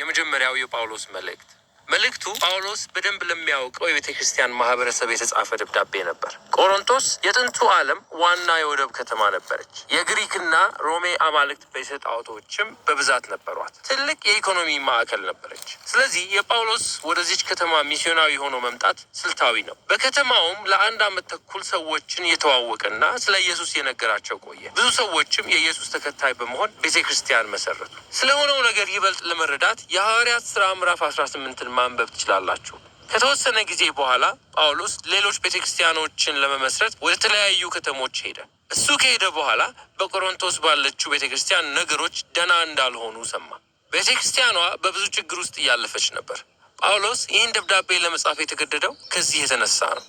የመጀመሪያው የጳውሎስ መልእክት መልእክቱ ጳውሎስ በደንብ ለሚያውቀው የቤተ ክርስቲያን ማህበረሰብ የተጻፈ ደብዳቤ ነበር። ቆሮንቶስ የጥንቱ ዓለም ዋና የወደብ ከተማ ነበረች። የግሪክና ሮሜ አማልክት ቤተ ጣዖቶችም በብዛት ነበሯት። ትልቅ የኢኮኖሚ ማዕከል ነበረች። ስለዚህ የጳውሎስ ወደዚች ከተማ ሚስዮናዊ ሆኖ መምጣት ስልታዊ ነው። በከተማውም ለአንድ ዓመት ተኩል ሰዎችን የተዋወቀና ስለ ኢየሱስ የነገራቸው ቆየ። ብዙ ሰዎችም የኢየሱስ ተከታይ በመሆን ቤተ ክርስቲያን መሰረቱ። ስለሆነው ነገር ይበልጥ ለመረዳት የሐዋርያት ሥራ ምዕራፍ 18ን ማንበብ ትችላላችሁ። ከተወሰነ ጊዜ በኋላ ጳውሎስ ሌሎች ቤተክርስቲያኖችን ለመመስረት ወደ ተለያዩ ከተሞች ሄደ። እሱ ከሄደ በኋላ በቆሮንቶስ ባለችው ቤተክርስቲያን ነገሮች ደህና እንዳልሆኑ ሰማ። ቤተክርስቲያኗ በብዙ ችግር ውስጥ እያለፈች ነበር። ጳውሎስ ይህን ደብዳቤ ለመጻፍ የተገደደው ከዚህ የተነሳ ነው።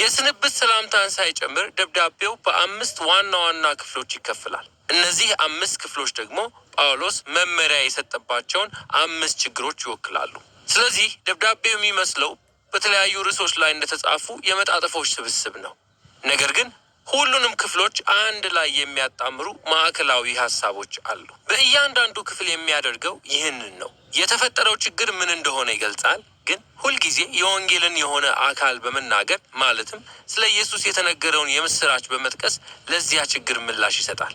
የስንብት ሰላምታን ሳይጨምር ደብዳቤው በአምስት ዋና ዋና ክፍሎች ይከፍላል። እነዚህ አምስት ክፍሎች ደግሞ ጳውሎስ መመሪያ የሰጠባቸውን አምስት ችግሮች ይወክላሉ። ስለዚህ ደብዳቤው የሚመስለው በተለያዩ ርዕሶች ላይ እንደተጻፉ የመጣጥፎች ስብስብ ነው። ነገር ግን ሁሉንም ክፍሎች አንድ ላይ የሚያጣምሩ ማዕከላዊ ሀሳቦች አሉ። በእያንዳንዱ ክፍል የሚያደርገው ይህንን ነው። የተፈጠረው ችግር ምን እንደሆነ ይገልጻል። ግን ሁልጊዜ የወንጌልን የሆነ አካል በመናገር ማለትም ስለ ኢየሱስ የተነገረውን የምስራች በመጥቀስ ለዚያ ችግር ምላሽ ይሰጣል።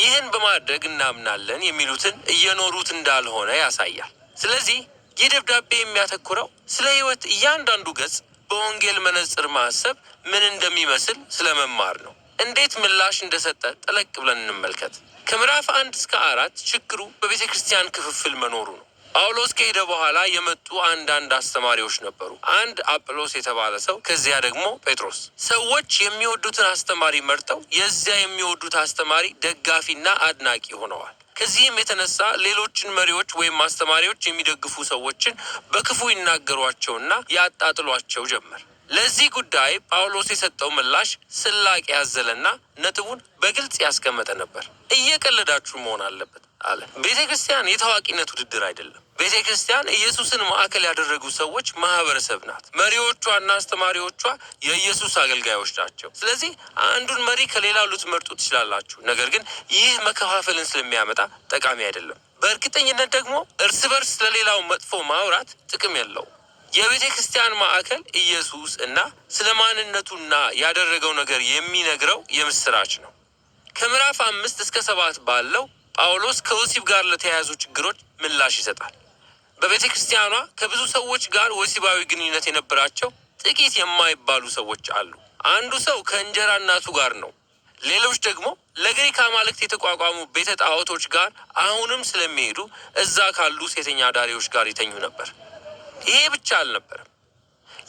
ይህን በማድረግ እናምናለን የሚሉትን እየኖሩት እንዳልሆነ ያሳያል። ስለዚህ ይህ ደብዳቤ የሚያተኩረው ስለ ህይወት እያንዳንዱ ገጽ በወንጌል መነጽር ማሰብ ምን እንደሚመስል ስለመማር ነው። እንዴት ምላሽ እንደሰጠ ጠለቅ ብለን እንመልከት። ከምዕራፍ አንድ እስከ አራት ችግሩ በቤተ ክርስቲያን ክፍፍል መኖሩ ነው። ጳውሎስ ከሄደ በኋላ የመጡ አንዳንድ አስተማሪዎች ነበሩ። አንድ አጵሎስ የተባለ ሰው፣ ከዚያ ደግሞ ጴጥሮስ። ሰዎች የሚወዱትን አስተማሪ መርጠው የዚያ የሚወዱት አስተማሪ ደጋፊና አድናቂ ሆነዋል። ከዚህም የተነሳ ሌሎችን መሪዎች ወይም አስተማሪዎች የሚደግፉ ሰዎችን በክፉ ይናገሯቸውና ያጣጥሏቸው ጀመር። ለዚህ ጉዳይ ጳውሎስ የሰጠው ምላሽ ስላቅ ያዘለና ነጥቡን በግልጽ ያስቀመጠ ነበር። እየቀለዳችሁ መሆን አለበት አለ። ቤተ ክርስቲያን የታዋቂነት ውድድር አይደለም። ቤተ ክርስቲያን ኢየሱስን ማዕከል ያደረጉ ሰዎች ማህበረሰብ ናት። መሪዎቿና አስተማሪዎቿ የኢየሱስ አገልጋዮች ናቸው። ስለዚህ አንዱን መሪ ከሌላ ልትመርጡ ትችላላችሁ። ነገር ግን ይህ መከፋፈልን ስለሚያመጣ ጠቃሚ አይደለም። በእርግጠኝነት ደግሞ እርስ በርስ ለሌላው መጥፎ ማውራት ጥቅም የለው። የቤተ ክርስቲያን ማዕከል ኢየሱስ እና ስለ ማንነቱና ያደረገው ነገር የሚነግረው የምስራች ነው። ከምዕራፍ አምስት እስከ ሰባት ባለው ጳውሎስ ከወሲብ ጋር ለተያያዙ ችግሮች ምላሽ ይሰጣል። በቤተ ክርስቲያኗ ከብዙ ሰዎች ጋር ወሲባዊ ግንኙነት የነበራቸው ጥቂት የማይባሉ ሰዎች አሉ። አንዱ ሰው ከእንጀራ እናቱ ጋር ነው። ሌሎች ደግሞ ለግሪክ አማልክት የተቋቋሙ ቤተ ጣዖቶች ጋር አሁንም ስለሚሄዱ እዛ ካሉ ሴተኛ አዳሪዎች ጋር ይተኙ ነበር። ይሄ ብቻ አልነበረም።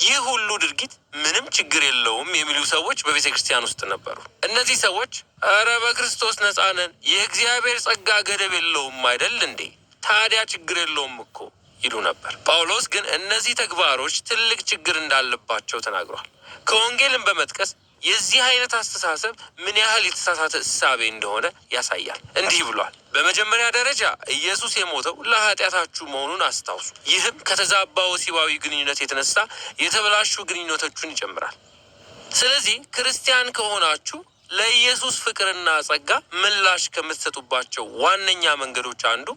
ይህ ሁሉ ድርጊት ምንም ችግር የለውም የሚሉ ሰዎች በቤተ ክርስቲያን ውስጥ ነበሩ። እነዚህ ሰዎች እረ በክርስቶስ ነጻነን፣ የእግዚአብሔር ጸጋ ገደብ የለውም አይደል እንዴ? ታዲያ ችግር የለውም እኮ ይሉ ነበር። ጳውሎስ ግን እነዚህ ተግባሮች ትልቅ ችግር እንዳለባቸው ተናግሯል። ከወንጌልን በመጥቀስ የዚህ አይነት አስተሳሰብ ምን ያህል የተሳሳተ እሳቤ እንደሆነ ያሳያል። እንዲህ ብሏል። በመጀመሪያ ደረጃ ኢየሱስ የሞተው ለኃጢአታችሁ መሆኑን አስታውሱ። ይህም ከተዛባ ወሲባዊ ግንኙነት የተነሳ የተበላሹ ግንኙነቶቹን ይጨምራል። ስለዚህ ክርስቲያን ከሆናችሁ ለኢየሱስ ፍቅርና ጸጋ ምላሽ ከምትሰጡባቸው ዋነኛ መንገዶች አንዱ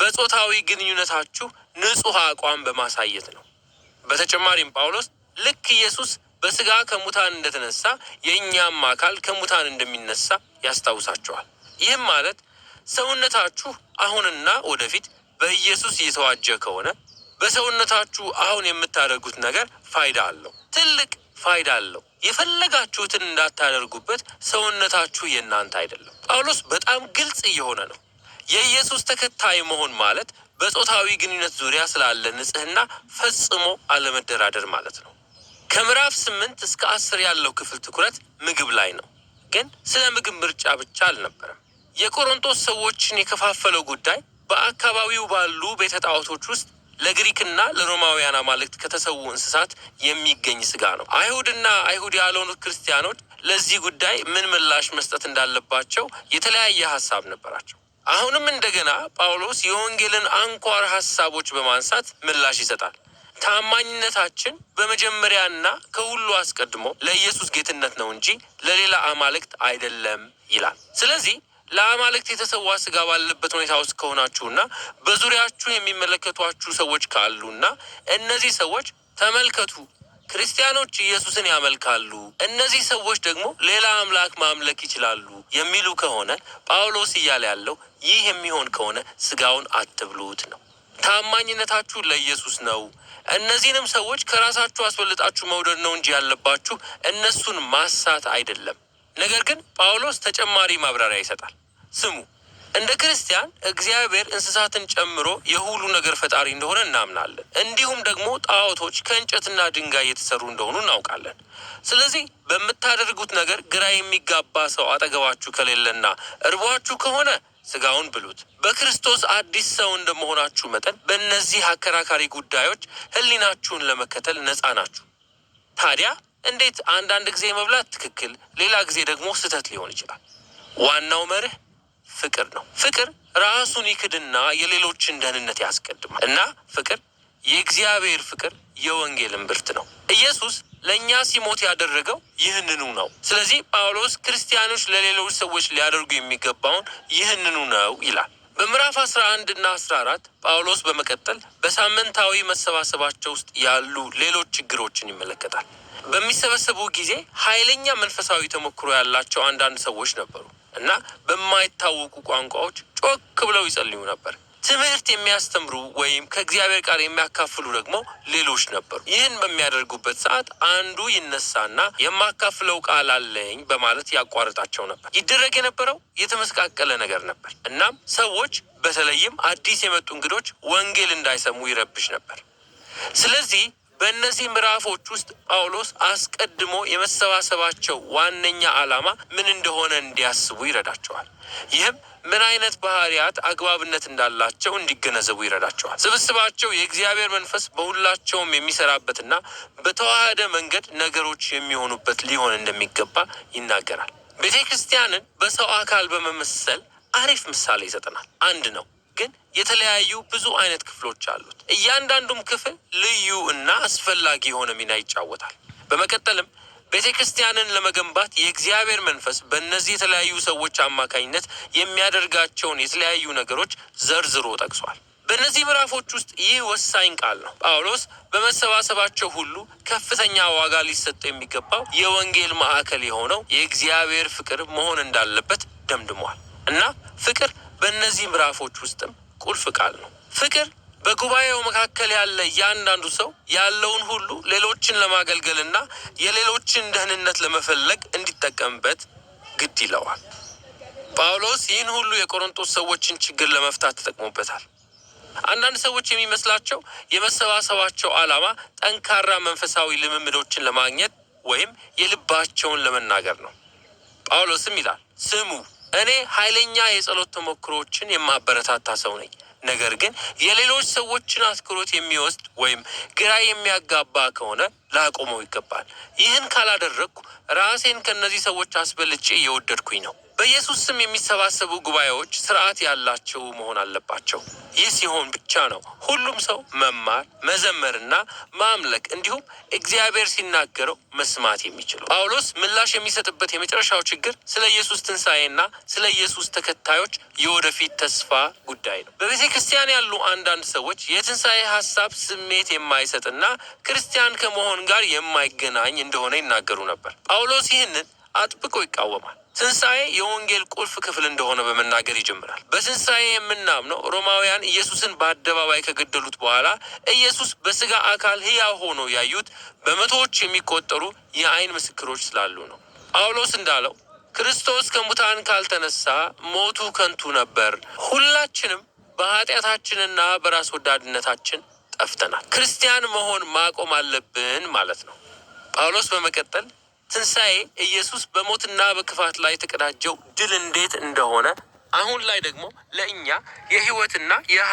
በጾታዊ ግንኙነታችሁ ንጹሕ አቋም በማሳየት ነው። በተጨማሪም ጳውሎስ ልክ ኢየሱስ በስጋ ከሙታን እንደተነሳ የእኛም አካል ከሙታን እንደሚነሳ ያስታውሳቸዋል። ይህም ማለት ሰውነታችሁ አሁንና ወደፊት በኢየሱስ እየተዋጀ ከሆነ በሰውነታችሁ አሁን የምታደርጉት ነገር ፋይዳ አለው፣ ትልቅ ፋይዳ አለው። የፈለጋችሁትን እንዳታደርጉበት ሰውነታችሁ የእናንተ አይደለም። ጳውሎስ በጣም ግልጽ እየሆነ ነው። የኢየሱስ ተከታይ መሆን ማለት በጾታዊ ግንኙነት ዙሪያ ስላለ ንጽህና ፈጽሞ አለመደራደር ማለት ነው። ከምዕራፍ ስምንት እስከ አስር ያለው ክፍል ትኩረት ምግብ ላይ ነው፣ ግን ስለ ምግብ ምርጫ ብቻ አልነበረም። የቆሮንቶስ ሰዎችን የከፋፈለው ጉዳይ በአካባቢው ባሉ ቤተ ጣዖቶች ውስጥ ለግሪክና ለሮማውያን አማልክት ከተሰዉ እንስሳት የሚገኝ ስጋ ነው። አይሁድና አይሁድ ያልሆኑት ክርስቲያኖች ለዚህ ጉዳይ ምን ምላሽ መስጠት እንዳለባቸው የተለያየ ሀሳብ ነበራቸው። አሁንም እንደገና ጳውሎስ የወንጌልን አንኳር ሀሳቦች በማንሳት ምላሽ ይሰጣል። ታማኝነታችን በመጀመሪያና ከሁሉ አስቀድሞ ለኢየሱስ ጌትነት ነው እንጂ ለሌላ አማልክት አይደለም ይላል። ስለዚህ ለአማልክት የተሰዋ ስጋ ባለበት ሁኔታ ውስጥ ከሆናችሁና በዙሪያችሁ የሚመለከቷችሁ ሰዎች ካሉና እነዚህ ሰዎች ተመልከቱ ክርስቲያኖች ኢየሱስን ያመልካሉ፣ እነዚህ ሰዎች ደግሞ ሌላ አምላክ ማምለክ ይችላሉ የሚሉ ከሆነ ጳውሎስ እያለ ያለው ይህ የሚሆን ከሆነ ስጋውን አትብሉት ነው። ታማኝነታችሁ ለኢየሱስ ነው። እነዚህንም ሰዎች ከራሳችሁ አስበልጣችሁ መውደድ ነው እንጂ ያለባችሁ እነሱን ማሳት አይደለም። ነገር ግን ጳውሎስ ተጨማሪ ማብራሪያ ይሰጣል። ስሙ እንደ ክርስቲያን እግዚአብሔር እንስሳትን ጨምሮ የሁሉ ነገር ፈጣሪ እንደሆነ እናምናለን። እንዲሁም ደግሞ ጣዖቶች ከእንጨትና ድንጋይ የተሰሩ እንደሆኑ እናውቃለን። ስለዚህ በምታደርጉት ነገር ግራ የሚጋባ ሰው አጠገባችሁ ከሌለና እርቧችሁ ከሆነ ስጋውን ብሉት። በክርስቶስ አዲስ ሰው እንደመሆናችሁ መጠን በእነዚህ አከራካሪ ጉዳዮች ሕሊናችሁን ለመከተል ነፃ ናችሁ። ታዲያ እንዴት አንዳንድ ጊዜ መብላት ትክክል፣ ሌላ ጊዜ ደግሞ ስህተት ሊሆን ይችላል? ዋናው መርህ ፍቅር ነው። ፍቅር ራሱን ይክድና የሌሎችን ደህንነት ያስቀድማል እና ፍቅር የእግዚአብሔር ፍቅር የወንጌልን ብርት ነው። ኢየሱስ ለእኛ ሲሞት ያደረገው ይህንኑ ነው። ስለዚህ ጳውሎስ ክርስቲያኖች ለሌሎች ሰዎች ሊያደርጉ የሚገባውን ይህንኑ ነው ይላል። በምዕራፍ 11 እና 14 ጳውሎስ በመቀጠል በሳምንታዊ መሰባሰባቸው ውስጥ ያሉ ሌሎች ችግሮችን ይመለከታል። በሚሰበሰቡ ጊዜ ኃይለኛ መንፈሳዊ ተሞክሮ ያላቸው አንዳንድ ሰዎች ነበሩ። እና በማይታወቁ ቋንቋዎች ጮክ ብለው ይጸልዩ ነበር። ትምህርት የሚያስተምሩ ወይም ከእግዚአብሔር ቃል የሚያካፍሉ ደግሞ ሌሎች ነበሩ። ይህን በሚያደርጉበት ሰዓት አንዱ ይነሳና የማካፍለው ቃል አለኝ በማለት ያቋርጣቸው ነበር። ይደረግ የነበረው የተመስቃቀለ ነገር ነበር። እናም ሰዎች በተለይም አዲስ የመጡ እንግዶች ወንጌል እንዳይሰሙ ይረብሽ ነበር። ስለዚህ በእነዚህ ምዕራፎች ውስጥ ጳውሎስ አስቀድሞ የመሰባሰባቸው ዋነኛ ዓላማ ምን እንደሆነ እንዲያስቡ ይረዳቸዋል። ይህም ምን አይነት ባህሪያት አግባብነት እንዳላቸው እንዲገነዘቡ ይረዳቸዋል። ስብስባቸው የእግዚአብሔር መንፈስ በሁላቸውም የሚሰራበትና በተዋሃደ መንገድ ነገሮች የሚሆኑበት ሊሆን እንደሚገባ ይናገራል። ቤተ ክርስቲያንን በሰው አካል በመመሰል አሪፍ ምሳሌ ይሰጠናል። አንድ ነው የተለያዩ ብዙ አይነት ክፍሎች አሉት። እያንዳንዱም ክፍል ልዩ እና አስፈላጊ የሆነ ሚና ይጫወታል። በመቀጠልም ቤተ ክርስቲያንን ለመገንባት የእግዚአብሔር መንፈስ በእነዚህ የተለያዩ ሰዎች አማካኝነት የሚያደርጋቸውን የተለያዩ ነገሮች ዘርዝሮ ጠቅሷል። በእነዚህ ምዕራፎች ውስጥ ይህ ወሳኝ ቃል ነው። ጳውሎስ በመሰባሰባቸው ሁሉ ከፍተኛ ዋጋ ሊሰጠው የሚገባው የወንጌል ማዕከል የሆነው የእግዚአብሔር ፍቅር መሆን እንዳለበት ደምድሟል እና ፍቅር በእነዚህ ምዕራፎች ውስጥም ቁልፍ ቃል ነው። ፍቅር በጉባኤው መካከል ያለ እያንዳንዱ ሰው ያለውን ሁሉ ሌሎችን ለማገልገልና የሌሎችን ደህንነት ለመፈለግ እንዲጠቀምበት ግድ ይለዋል። ጳውሎስ ይህን ሁሉ የቆሮንቶስ ሰዎችን ችግር ለመፍታት ተጠቅሞበታል። አንዳንድ ሰዎች የሚመስላቸው የመሰባሰባቸው ዓላማ ጠንካራ መንፈሳዊ ልምምዶችን ለማግኘት ወይም የልባቸውን ለመናገር ነው። ጳውሎስም ይላል ስሙ እኔ ኃይለኛ የጸሎት ተሞክሮዎችን የማበረታታ ሰው ነኝ። ነገር ግን የሌሎች ሰዎችን አትኩሮት የሚወስድ ወይም ግራ የሚያጋባ ከሆነ ላቆመው ይገባል። ይህን ካላደረግኩ ራሴን ከእነዚህ ሰዎች አስበልጬ እየወደድኩኝ ነው። በኢየሱስ ስም የሚሰባሰቡ ጉባኤዎች ስርዓት ያላቸው መሆን አለባቸው። ይህ ሲሆን ብቻ ነው ሁሉም ሰው መማር መዘመርና ማምለክ እንዲሁም እግዚአብሔር ሲናገረው መስማት የሚችለው። ጳውሎስ ምላሽ የሚሰጥበት የመጨረሻው ችግር ስለ ኢየሱስ ትንሣኤና ስለ ኢየሱስ ተከታዮች የወደፊት ተስፋ ጉዳይ ነው። በቤተ ክርስቲያን ያሉ አንዳንድ ሰዎች የትንሣኤ ሀሳብ ስሜት የማይሰጥና ክርስቲያን ከመሆን ጋር የማይገናኝ እንደሆነ ይናገሩ ነበር። ጳውሎስ ይህንን አጥብቆ ይቃወማል። ትንሣኤ የወንጌል ቁልፍ ክፍል እንደሆነ በመናገር ይጀምራል። በትንሣኤ የምናምነው ሮማውያን ኢየሱስን በአደባባይ ከገደሉት በኋላ ኢየሱስ በሥጋ አካል ሕያው ሆኖ ያዩት በመቶዎች የሚቆጠሩ የአይን ምስክሮች ስላሉ ነው። ጳውሎስ እንዳለው ክርስቶስ ከሙታን ካልተነሳ ሞቱ ከንቱ ነበር። ሁላችንም በኃጢአታችንና በራስ ወዳድነታችን ጠፍተናል። ክርስቲያን መሆን ማቆም አለብን ማለት ነው። ጳውሎስ በመቀጠል ትንሣኤ ኢየሱስ በሞትና በክፋት ላይ የተቀዳጀው ድል እንዴት እንደሆነ አሁን ላይ ደግሞ ለእኛ የህይወትና